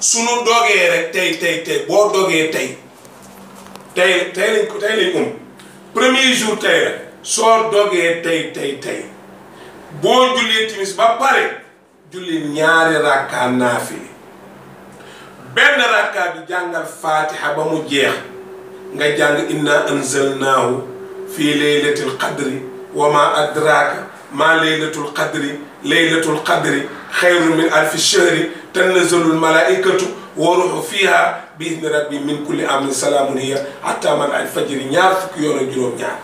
sunu doge rek tay tay tay bo doge tay tay tay lañ ko tay lañ um premier jour tay rek so doge tay tay tay bo julli timis ba pare julli ñaari rakka nafi ben rakka bi jàngal fatiha ba mu jeex nga jàng inna anzalnahu fi laylatil qadri wama adraka ma laylatul qadri laylatul qadri xayrun min alfi shahri tanazzalu lmalaikatu wa ruhu fiha bi idni rabbi min kulli amrin salaamun hiya hatta man al fajri ñaar fukki yoon ak juróom-ñaar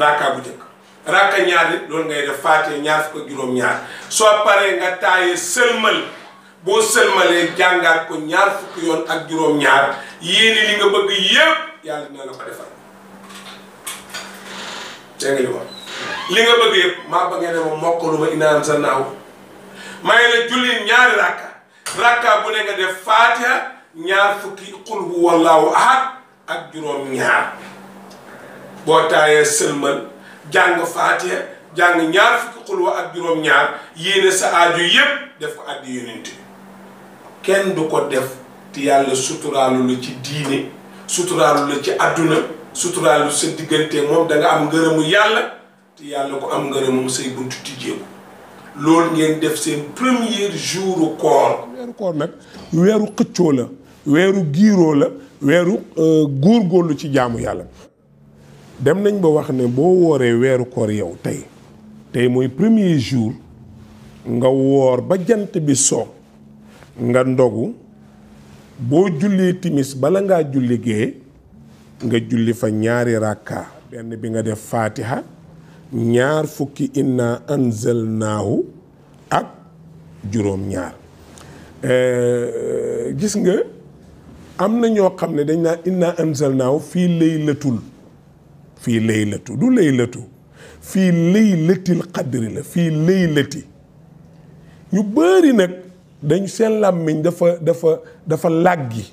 raaka bu njëkk raaka ñaar it loolu ngay def ñaar ko ñaar fukki yoon ak juróom-ñaar yéene li nga bëgg yépp yàlla dina la ko defal dégg nga li li nga bëgg yëpp maa ba ngeen ne ma mokkalu ma inaan sa naaw may la julli ñaari raaka rakka bu ne nga def faatiha ñaar fukki qul huwallaahu ahad ak juróom ñaar boo taayee sëlmal jàng faatiha jàng ñaar fukki qul ak juróom ñaar yéene sa aaju yépp def ko addi yonent kenn du ko def te yàlla suturaalu la ci diine suturaalu la ci adduna suturaalu sa diggante moom da am ngërëmu yàlla te yàlla ko am ngërëmu say buntu tijjeeku loolu ngeen def seen premier jouru koor weeru koor nag weeru xëccoo la weeru giiroo la weeru euh, góorgóorlu ci jaamu yàlla dem nañ ba wax ne boo wooree weeru koor yow tey tey mooy premier jour nga woor ba jant bi soo nga ndogu boo jullee timis bala ngaa julli gee nga julli fa ñaari rakka benn bi nga def faatiha ñaar fukki inna anzalnaahu ak juróom ñaar Euh, gis nga am na ñoo xam ne dañ naa inna anzalnaahu fii laylatul fii laylatu du laylatu fii laylatil qadri la fii laylati ñu bari nag dañ seen làmmiñ dafa dafa dafa làggi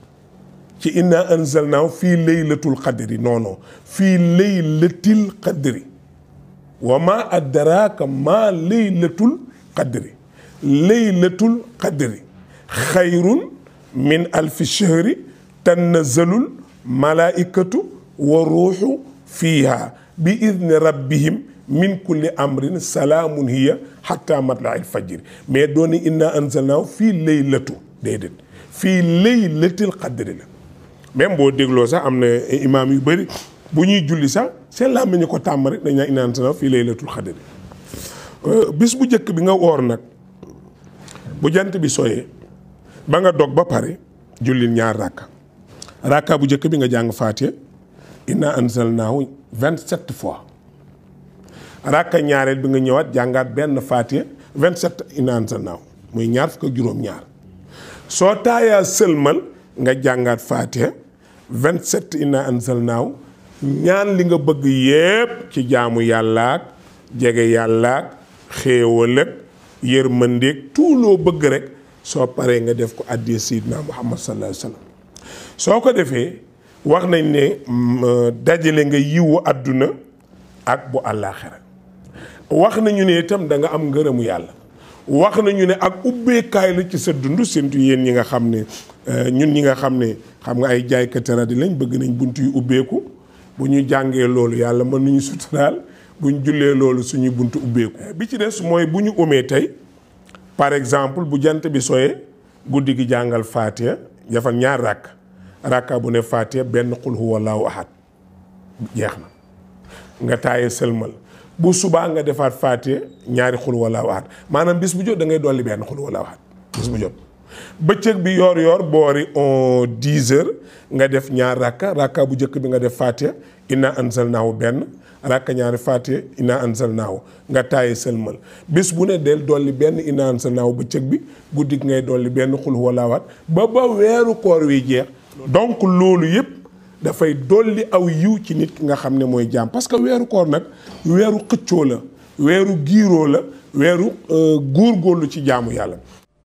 ci inna anzalnaahu fii laylatul qadri noonu fii laylatil qadri wa ma adraka ma laylatul qadri laylatul خير من ألف شهر تنزل الملائكة والروح فيها بإذن ربهم من كل أمر سلام هي حتى مطلع الفجر ما دون إنا أنزلناه في ليلة ديدت في ليلة القدر لا même boo dégloo sax am na imaam yu bëri bu ñuy julli sax seen làmmiñ ñu ko tàmm rek dañ naan inaa anzalnaahu fii laylatul xadri bis bu njëkk bi nga woor nag bu jant bi soyee ba nga dog ba pare jullil ñaar rakka rakka bu njëkk bi nga jàng faatiha inna anzalnaahu vingt-sept fois rakka ñaareel bi nga ñëwaat jàngaat benn faatiha vingt-sept inna anzalnaahu muy ñaar soo taayaa sëlmal nga jàngaat faatiha vingt inna anzalnaahu ñaan li nga bëgg yépp ci jaamu yàllaak jege yàllaak xéewal ak yërmandeeg tout loo bëgg rek soo paree nga def ko àddee Seydina Muhammad sallallahu alayhi wa soo ko defee wax nañ ne mm, euh, dajale nga yiwu àdduna ak bu àllaaxira wax nañu ne itam danga am ngërëmu yàlla wax nañu ne ak ubbeekaay la ci sa dund surtout yéen ñi nga xam ne euh, ñun ñi nga xam ne xam nga ay jaaykatara di lañ bëgg nañ bunt yu ubbeeku bu ñu jàngee loolu yàlla mën nañu suturaal bu ñu jullee loolu suñu bunt ubbeeku bi ci des mooy bu ñu umee tey par exemple bu jant bi soyee guddi gi jàngal faatiya jafal ñaar ràkk ràkka bu ne faatiya benn xul huwallaahu ahad jeex na nga taaye sëlmal bu subaa nga defaat faatiya ñaari xul huwallaahu ahad maanaam bis bu jot da ngay dolli benn xul huwallaahu ahad bis bu jot bëccëg bi yoor yoor boori on dix heures nga def ñaar rakka rakka bu njëkk bi nga def fatiha inna anzalnaahu benn rakka ñaari fatiha inna anzalnaahu nga taaye sëlmal bis bu ne del dolli benn inna anzalnaahu bëccëg bi guddi ngay dolli benn xul walaawaat ba ba weeru koor wi jeex donc loolu yëpp dafay dolli aw yiw ci nit ki nga xam ne mooy jaam parce que weeru koor nag weeru xëccoo la weeru giiroo la weeru euh, góorgóorlu ci jaamu yàlla